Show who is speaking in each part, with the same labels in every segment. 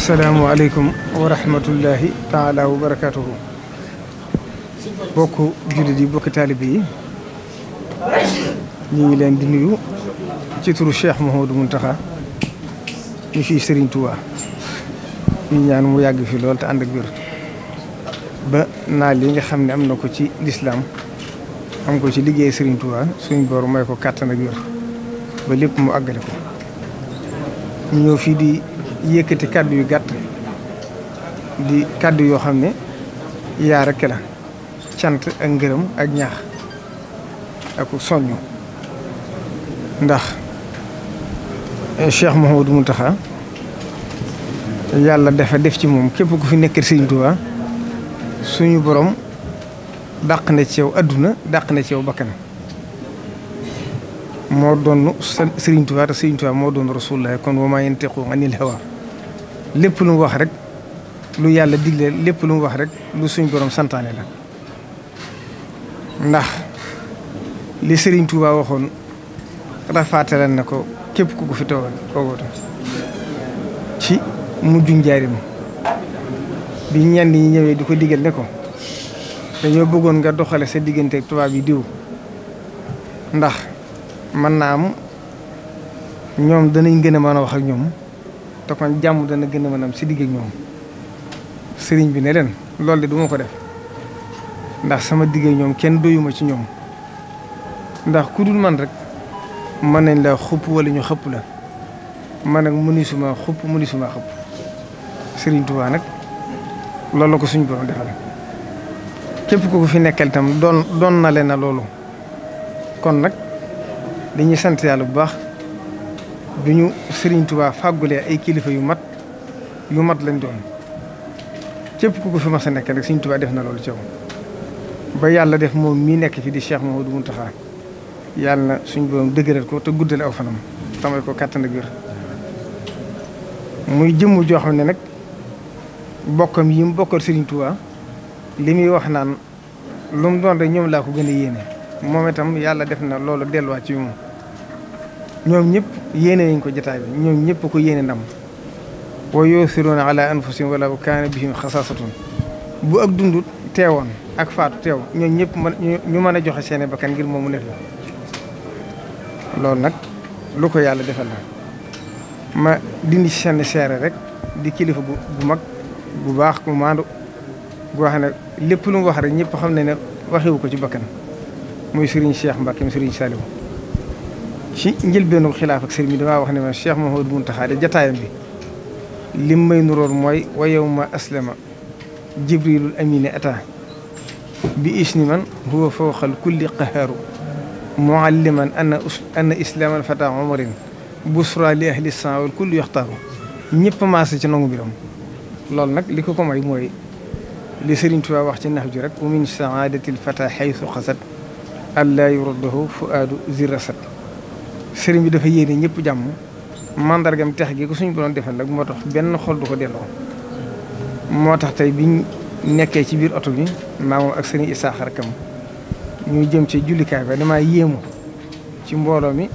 Speaker 1: asalaamualeykum wa rahmatullahi taala wa barakatuhu bokk jullit yi bokki taalibe yi ñu ngi leen di nuyu ci turu Cheikh Mouhamadou Mountakha ñu fii Serigne Touba ñu ñaan mu yàgg fi lool te ànd ak wér ba naa li nga xam ne am na ko ci lislaam am ko ci liggéey Serigne Touba suñ boor may ko kàttan ak wér ba lépp mu àggale ko ñu ñëw fii di yékkati kàddu yu gàtt di kàddu yoo xam ne yaa rekk la cant ak ngërëm ak ñaax ak soññu ndax du mu taxa yàlla dafa def ci moom képp ku fi nekk Sëriñ Tuubaa suñu boroom dàq na ci yow adduna dàq na ci yow bakkan moo doon Sëriñ Tuubaa te Sëriñ Tuubaa moo doon Rasulullah kon wa maa a anil hawaa lépp lu mu wax rek lu yàlla digle lépp lu mu wax rek lu suñ borom santaane la ndax li sëriñ Touba waxoon rafaatale na ko képp ku ko fi toogal toogootu ci mujj njaarim bi ñenn ñi ñëwee du ko digal ne ko dañoo bëggoon nga doxale sa diggante ak tubaab yi diw ndax mën naa am ñoom danañ gën a mën a wax ak ñoom te kon jàmm dana gën a mën am si digg ak ñoom sëriñ bi ne leen loolu de duma ko def ndax sama digg ñoom kenn doyuma ci ñoom ndax ku dul man rek mën nañ la xupp wala ñu xëpp la mën nag mënisuma xupp mënisuma xëpp sëriñ Tuubaa nag loolu la ko suñu borom defal ko ko fi nekkal itam doon doon na na loolu kon nag dañuy sant yàlla bu baax. bi ñu Serigne Touba fàggulee ay kilifa yu mat yu mat lañ doon képp ku ko fi mas a nekk rek Serigne tubaa def na loolu ci ba yàlla def moom mii nekk fi di Cheikh Mouhamadou Mountakha yàlla na suñu borom dëgëral ko te guddale aw fanam tamay ko kàttan ak muy jëmm joo xam ne nag bokkam yi mu bokkal Serigne Touba li muy wax naan lu mu doon rek ñoom laa ko gën a yéene moom itam yàlla def na loolu delluwaat ci moom. ñoom ñëpp yéene nañ ko jotaay bi ñoom ñëpp ko yéene ndam wa yoosiruuna ala anfusihim wala kaana bihim xasaasatun bu ak dundut teewoon ak faatu teew ñoom ñëpp mën ñu mën a joxe seeni bakkan ngir moomu nekk la nag lu ko yàlla defal la ma dindi ci seen rek di kilifa gu bu mag bu baax ku maandu wax ne lépp lu mu wax rek ñëpp xam ne ne waxiwu ko ci bakkan muy Serigne Cheikh Mbacke Serigne Saliou شيء بينو خلاف كسر مدمع وحنا ما الشيخ مهود منتخاري جتايم بي لما ينرور موي ويوم أسلم جبريل الأمين أتا بإشني من هو فوق الكل قهر معلما أن أن إسلام الفتى عمر بصرى لأهل السماء والكل يختار نيب ما سي نونغ بيرم لول نك ليكو كوم اي موي لي سيرين توبا واخ سي نحجو رك ومن سعاده الفتى حيث قصد الا يرده فؤاد زرست sëriñ bi dafa yéene ñëpp jàmm mandargam tex gi ko suñu borom defee nag moo tax benn xol du ko delloo moo tax tey biñ nekkee ci biir oto bi naamoom ak sëriñ Isaaxa rakam ñu jëm ci jullikaay ba damaa yéemu ci mbooloo mi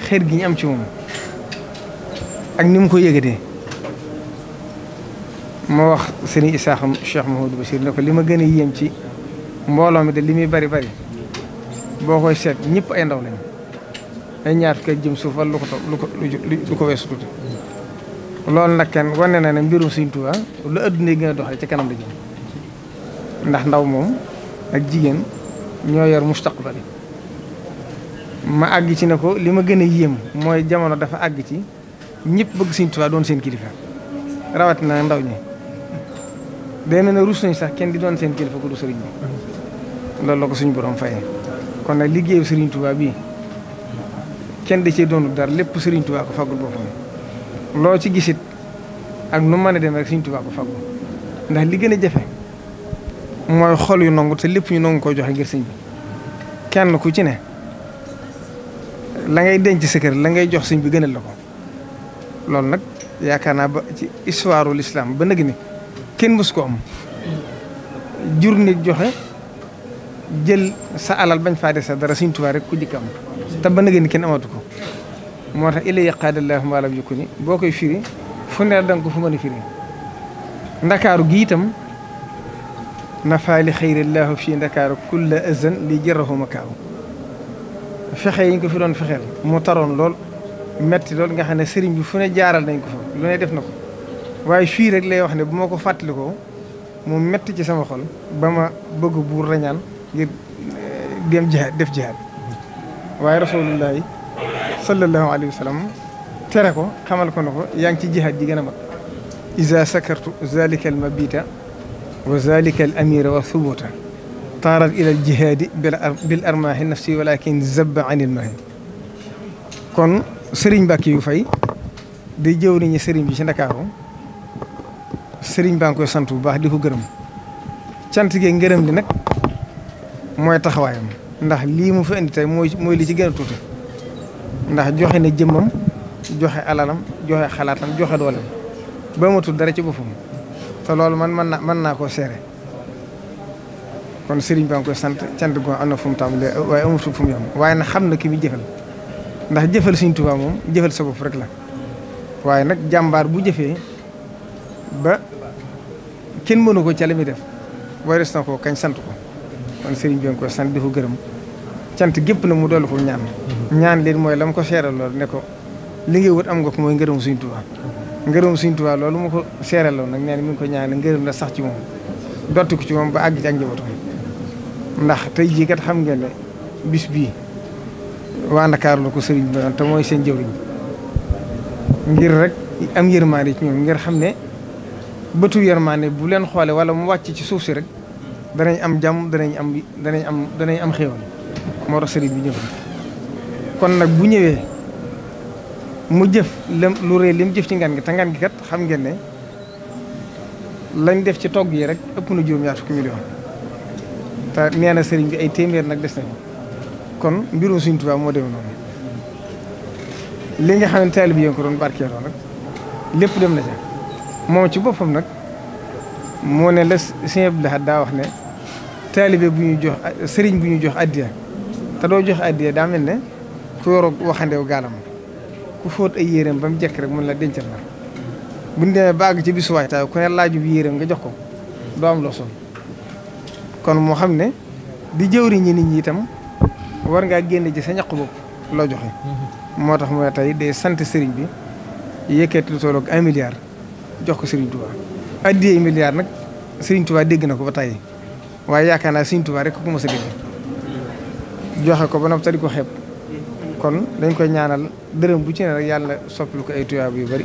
Speaker 1: xër gi am ci moom ak ni mu ko yëgatee moo wax sëriñ Isaaxa Cheikh Mahoudou Bachir ne ko li ma gën a yéem ci mbooloo mi de li muy bari bari boo koy seet ñépp ay ndaw lañ ay ñaar fukki jëm suuf wala lu ko lu ko lu ko weesu tuuti loolu nag kenn wane na ne mbirum Sëriñ Tuubaa lu adduna yi gën a doxee ci kanam la jëm ndax ndaw moom ak jigéen ñoo yor mustaqbal ma àgg ci ne ko li ma gën a yéem mooy jamono dafa àgg ci ñëpp bëgg Sëriñ Tuubaa doon seen kilifa rawatina ndaw ñi day na ne rus nañ sax kenn di doon seen kilifa ku du sëriñ loolu la ko suñu borom fayee kon nag liggéeyu Sëriñ Tuubaa bii. kenn de cee doonul dara lépp Serigne Touba ko faggul boppam loo ci gisit ak nu mën a dem rek Serigne Touba ko faggul ndax li gën a jafe mooy xol yu nongu te lépp ñu nangu koy joxe ngir sëñ bi kenn ku ci ne la ngay denc sa la ngay jox sëñ bi gënal la ko loolu nag yaakaar naa ba ci histoire l'islam ba nag ni kenn mës ko am jur nit joxe jël sa alal bañ faa des sa dara Serigne Touba rek ku jëkk am te ba nga ni kenn amatu ko moo tax illa yaqaadillaahu maa lam yakuni boo koy firi fu ne danga ko fu mën a firi ndakaaru gi itam nafaali xayrillaahu fii ndakaaru kulla azan li jërahu makaaru fexe yi ñu ko fi doon fexeel mu taroon lool metti lool nga xam ne sëriñ bi fu ne jaaral nañ ko fa lu ne def na ko waaye fii rek lay wax ne bu ma ko fàttalikoo mu metti ci sama xol ba ma bëgg buur rañaan ngir dem jihaad def jihaad waye rasulullah sallallahu alayhi wasallam tere ko xamal ko ne yang ci jihad di gëna ma iza sakartu zalika al mabita wa zalika al amira wa thubuta tarad ila al jihad bil armahi nafsi walakin zabba an al mahd kon serigne Mbàkke yu fay di jëw ni serigne bi ci Ndakaaru serigne baa ngi koy sant bu baax di ko gëreum cant ge ngërëm di nak moy taxawayam ndax lii mu fi indi tey mooy li ci gën tuuti ndax joxe na jëmmam joxe alalam joxe xalaatam joxe dooleem ba matul tudd dara ci boppam te loolu man mën naa mën naa koo seere kon sëriñ baa ngi koy sant cant goo am na fu mu tàmbalee waaye amatul fu waaye nag xam na ki muy jëfal ndax jëfal suñu moom jëfal sa bopp rek la waaye nag jàmbaar bu jëfee ba kenn mënu ko ca la muy def warees na ko kañ sant ko kon sëriñ bi nga koy sant di ko gërëm cant gépp na mu dolli ko ñaan ñaan leen mooy la mu ko seeral loolu ne ko li ngay wut am nga ko mooy ngërëm Sëriñ Tuubaa ngërëm Sëriñ Tuubaa loolu mu ko seeraloon nag ne na mi ngi ko ñaan ngërëm la sax ci moom dootu ko ci moom ba àgg ci ak njabootam ndax tey jii kat xam ngeen ne bis bii waa Ndakaar la ko sëriñ bi doon te mooy seen jëwriñ ngir rek am yërmaande ci ñoom ngir xam ne bëtu yërmaande bu leen xoole wala mu wàcc ci suuf si rek danañ am jàmm danañ am danañ am danañ am xéewal moo tax sëriñ bi ñëw kon nag bu ñëwee mu jëf lam lu rëy lim jëf ci ngan gi te ngan gi kat xam ngeen ne lañ def ci togg yi rek ëpp na juróom-ñaar fukki million te nee na sëriñ bi ay téeméer nag des nañu kon mbirum suñ tubaab moo deme noonu li nga xam ne taalib yi ko doon barkeeloo nag lépp dem na ca moom ci boppam nag moo ne la Sëñ Abdou Lahad daa wax ne taalibe bu ñuy jox a sëriñ bu ñuy jox addiya te doo joxe addiya daa mel ne ku yoroo waxandew gaalam ku fóot ay yéreem ba mu jekk rek mun la dencal la bu ñu demee ba àgg ci bisu waajtaay ku ne laajub yéreem nga jox ko doo am loo sol kon moo xam ne di jëwriñu nit ñi itam war ngaa génn ci sa ñaq bopp loo joxe. Mm-hmm. moo tax mooy tey day sant sëriñ bi yëkkati lu tolloog un milliard jox ko sëriñ Touba. addiya milliard nag sëriñ Touba dégg na ko ba tey waaye yaakaar naa sëriñ Touba rek ku ko mos a dégg. joxe ko ba noppi tari ko xeeb kon dañ koy ñaanal dërëm bu ci ne rek yàlla soppil ko ay tuyaab yu bari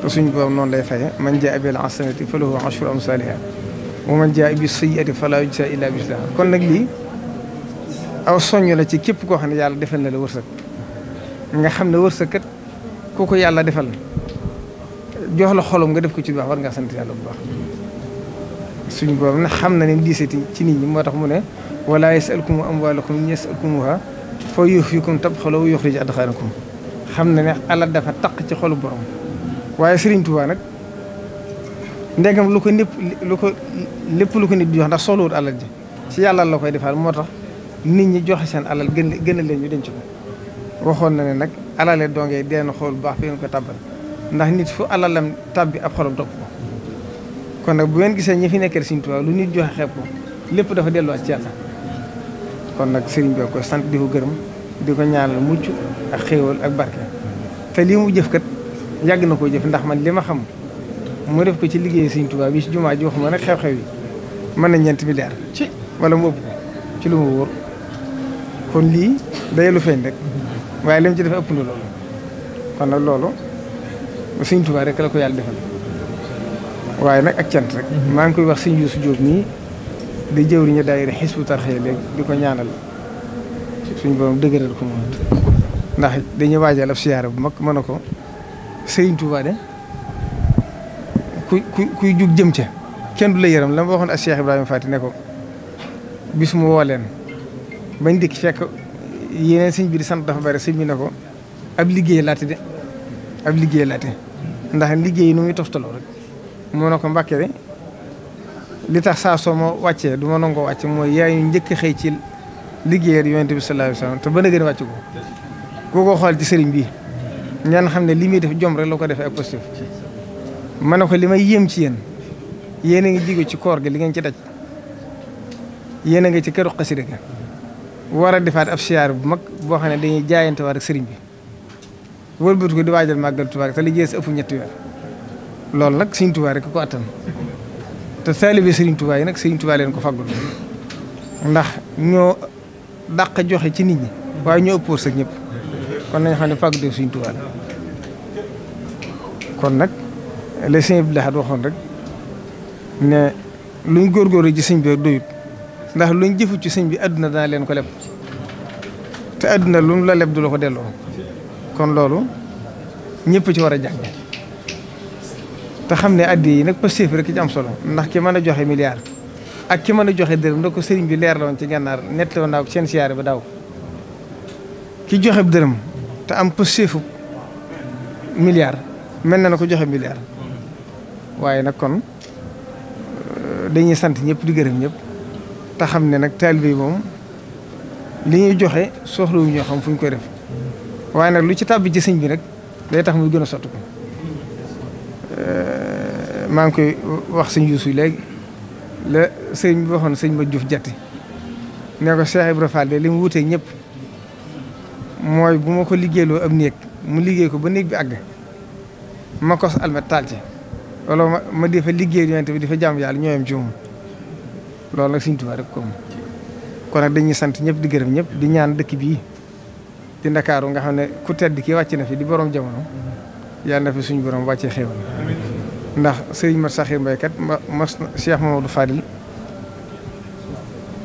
Speaker 1: te suñ borom noonu lay faye man jaa bil hasanati falahu ashru amsaliha wa man jaa bi sayyi'ati fala yujza illa mislaha kon nag lii aw soññ la ci képp koo xam ne yàlla defal na la wërsëg nga xam ne wërsëg kat ku yàlla defal jox la xolom nga def ko ci baax war ngaa sant yàlla bu baax suñ borom nag xam na ne diisati ci nit ñi moo tax mu ne ولا يسألكم أموالكم يسألكمها فيوفيكم تبخلوا ويخرج أدخاركم خمنا نع على دفع تقت خلو برام ويسرين توانا نعم لوك نب لوك لب لوك نب جوانا صلور على جي سيا الله لوك يدفع المرة نيني جو حسن على الجن الجن اللي نجدين شو وخلنا نك على لدوان جاي دين خل بعفين كتابنا نحن نتفو على لم تابي أبخلو دكتور كنا بوين كسر نفينا كرسين توانا لوني جو حكمه لب دفع دلوا سيا الله kon nag sëriñ bi ko sant di ko gërëm di ko ñaanal mucc ak xéewal ak barke te lii mu jëf kat yàgg na koo jëf ndax man li ma xam mu def ko ci liggéey sëriñ Tuubaa bi ci jumaa ji wax ma nag xew-xew yi mën na ñeent ci wala mu ëpp ci lu ma wóor kon lii day lu feeñ rek waaye li ci def ëpp na loolu kon nag loolu sëriñ Tuubaa rek la ko yàlla defal waaye nag ak cant rek mm-hmm. maa ngi koy wax sëriñ Yuusu Jóob nii di jëwriñu daayira Hizbut Tarqiyyah léegi di ko ñaanal suñ borom dëgëral ko moom ndax dañuy waajal ab siyaara bu mag mën na ko Serigne Touba de ku ku kuy jug jëm ca kenn du la yërëm la ma waxoon ak Cheikh Ibrahima Fati ne ko bis mu woo leen bañ dikk fekk yeneen sëñ bi di sant dafa bari sëñ bi ne ko ab liggéey laati de ab liggéey laati ndax liggéey yi nu muy toftaloo rek moo ne ko mbàkke de li tax saa soo ma wàccee du ma nangoo wàcc mooy yaay ñu njëkk xëy ci liggéeyal yonent bi sallallahu alayhi wasallam te ba na gën a wàcc ko koo ko xool ci sëriñ bi ñaan xam ne li muy def jom rek la ko defee ak positif ma ne ko li may yéem ci yéen yéen a ngi jóge ci koor gi li ngeen ci daj yéen a ngi ci këru xasida war a defaat ab siyaar bu mag boo xam ne dañuy jaayante sëriñ bi wëlbatu ko di waajal màggal Tuubaa te li jees ëpp ñetti weer loolu nag Sëriñ Tuubaa rek ko attan te taalibe Serigne Touba yi nag Serigne Touba leen ko faggul ndax ñoo dàq joxe ci nit ñi waaye ñoo ëpp wërsëg ñëpp kon nañ xam ne fàggu def Serigne kon nag la sëñ bi laxat waxoon rek ne luñ góor ci sëñ bi ndax luñ jëfu ci sëñ bi àdduna dana leen ko leb te àdduna lu mu la leb du la ko delloo kon loolu ñëpp ci war a jàng te xam ne addi yi nag pastéef rek ci am solo ndax ki mën a joxe milliard ak ki mën a joxe dërëm na ko sëriñ bi leer la woon ci gànnaar nett woon naa ko seen siyaare ba daaw ki dërëm te am pastéefu milliard mel na na ko joxe milliard waaye nag kon euh, dañuy sant ñëpp di gërëm ñëpp te xam ne nag taalibe yi moom li ñuy joxe soxlawuñu xam fu ñu koy def waaye nag lu ci tàbbi ci sëñ bi rek day tax muy gën a sotti ko maa ngi koy wax sëñ Yuusu léegi la sëñ bi waxoon sëñ ma Juuf jatti ne ko Cheikh Ibra de li mu wutee ñëpp mooy bu ma ko liggéeyloo am néeg mu liggéey ko ba néeg bi àgg ma kos almet taal ci wala ma ma di fa liggéey yonent bi di fa jàmm yàlla ñooyam ci moom loolu nag sëñ Tuubaa rek ko kon nag dañuy sant ñëpp di gërëm ñëpp di ñaan dëkk bii di ndakaaru nga xam ne ku tedd kii wàcc na fi di borom jamono yàlla na fi suñu borom wàccee xéewal ndax sëriñ Mat Saxir mbay kat ma mas Cheikh Mamadou Fadil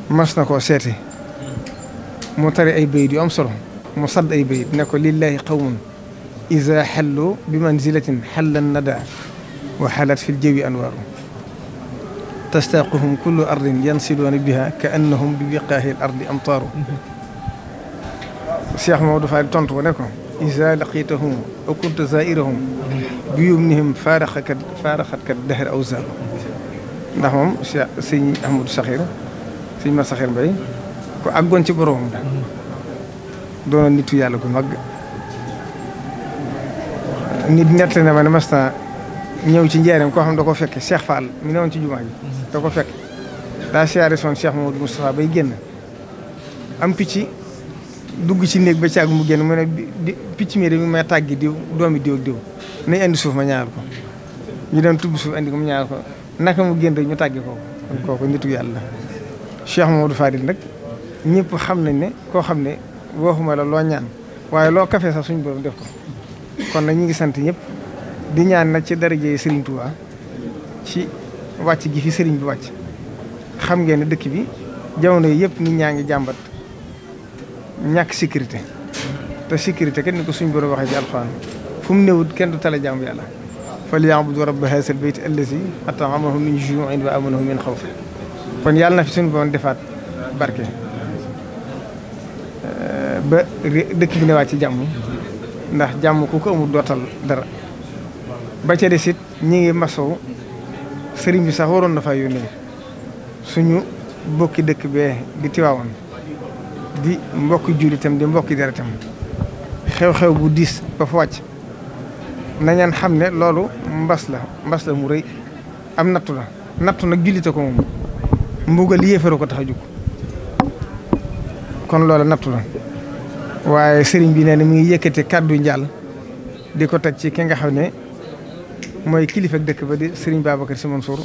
Speaker 1: mas na koo seeti mu tari ay bayit yu am solo mu sadd ay bayit ne ko lillahi qawmun iza xallu bi manzilatin halla nada wa halat fil jawi anwar tastaaquhum kullu ardin yansiluuna biha ka annahum bi biqaahi l ardi amtaaru Cheikh Mamadou Fadil tontu ne ko إذا لقيتهم أو كنت زائرهم بيومنهم فارخك فارخك الدهر أو زاب نحوم سي أحمد سخير سي ما سخير بعي أقوان تبروهم دون نتو يالكم مغ نيت نيت لنا ما نمستا نيو تي نيارم كو خم دوكو فك شيخ فال مي نون تي جوماجي دوكو فك دا سياري سون شيخ محمود مصطفى باي ген ام بيتي dugg ci néeg ba caag mu génn mu ne picc mi de mi may tàggi diw doomi diw ak diw nañ indi suuf ma ñaar ko ñu dem tubb suuf indi ko mu ñaar ko naka mu génn rek ñu tàggi ko kooku nitu yàlla Cheikh Mamadou Fadil nag ñëpp xam nañ ne koo xam ne waxuma la loo ñaan waaye loo kafe sax suñu borom def ko kon nag ñu ngi sant ñëpp di ñaan nag ci daraje Serigne Touba ci wàcc gi fi Serigne bi wàcc xam ngeen ne dëkk bi jamono yi yëpp nit ñaa ngi jàmbat ñàkk sécurité te sécurité kenn ni ko suñ borom waxee ci alxuraan fu mu néewut kenn du tala jaamu yàlla falyabudu rabba haazal bayti allazi at'amahum min juu'in wa amanahum min xawf kon yàlla na fi suñu borom defaat barke ba dëkk bi newaat ci jàmm ndax jàmm ku ko amul dootal dara ba ca des ñi ngi masow sëriñ bi sax waroon na faa yónnee suñu bokki dëkk bee di tiwaawoon di mbokk julitam di mbokk deretam xew-xew bu dis ba fa wàcc nañaan xam ne loolu la mbass la mu rëy am nattu la nattu nag julita ko mom mbugal yéefara ko tax kon lolu nattu la waye serigne bi nee mi ngi yekete kàddu njaal diko ko ci ki nga xamne moy kilifa dëkk ba di serigne babakar simon sour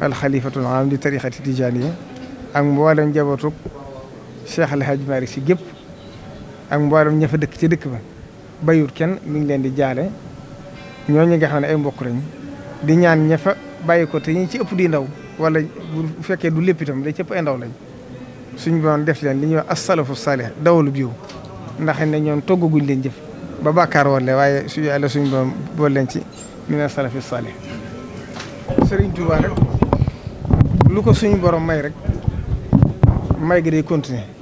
Speaker 1: al khalifatu al am di tarixati tijaani ak mboolem njabootu Cheikh El Hadj Malick si gépp ak mboolem ña fa dëkk ci dëkk ba bayut kenn mi ngi leen di jaale ñooñu nga xam ne ay mbokk lañ di ñaan ña fa ko te ñi ci ëpp di ndaw wala bu fekkee du lépp itam da ci ëpp ay ndaw lañ suñ boon def leen li ñuy wax asalafu salih dawalub yow ndax ne ñoom toggaguñ leen jëf ba bàkkaar wala waaye su yàlla suñ boon bool leen ci mina salafi salih Sëriñ Tuubaa rek lu ko suñu borom may rek may gi day continuer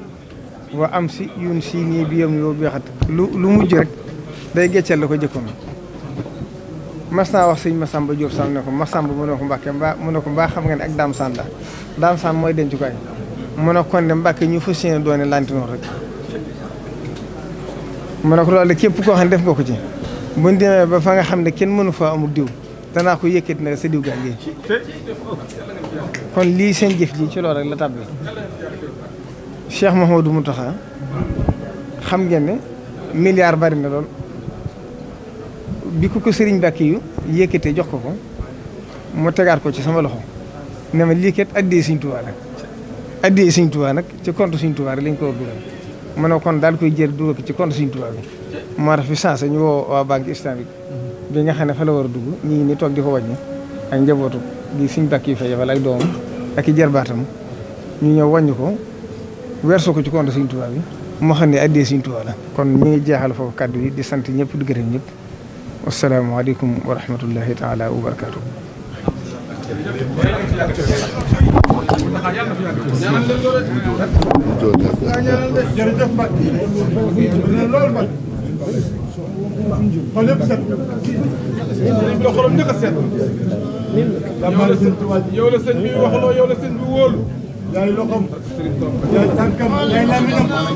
Speaker 1: wa am si yun si nii bi yow beexat lu lu mujj rek day geccal la ko jëkkoon mas naa wax sëñ Masamba Diop Samb ne ko Masamba mu ne ko Mbàkke mbaa mu ne ko mbaa xam nga ne ak Dame Sane la Dame mooy dencukaay mu ne kon de ñu fas yéene doone lantinoor rek mu ne ko loolu képp koo xam ne def nga ci buñ demee ba fa nga xam ne kenn mënu fa amul diw danaa ko yëkkati na sa diw gaa ngi kon lii seen jëf ji ci lool rek la tàbbi Cheikh Mouhamadou Mountakha xam ngeen ne milliard bari na lool bi ku ko sëriñ Bakki yu yëkkatee jox ko ko mu tegaat ko ci sama loxo ne ma lii kat addee Serigne Touba nag addee Serigne Touba nag ci compte Serigne Touba rek lañ ko dugal ma ne kon daal koy jël dugal ko ci compte Serigne bi moo tax fi sensé ñu woo waa banque islamique bi nga xam ne fa la war a dugg ñu ngi toog di ko wàññi ak njabootu gi Serigne Bakki yu fa yebal ak doomam ak i jarbaatam ñu ñëw wàññi ko wersu ko ci compte Sëriñ moo xam ne addee Sëriñ Tuubaa kon ñu ngi jeexal foofu kàddu yi di sant ñëpp di gërëm ñëpp wasalaamaaleykum wa rahmatullahi taala wa barakaatu
Speaker 2: yaay loxoom yaay tànkam yaay laminam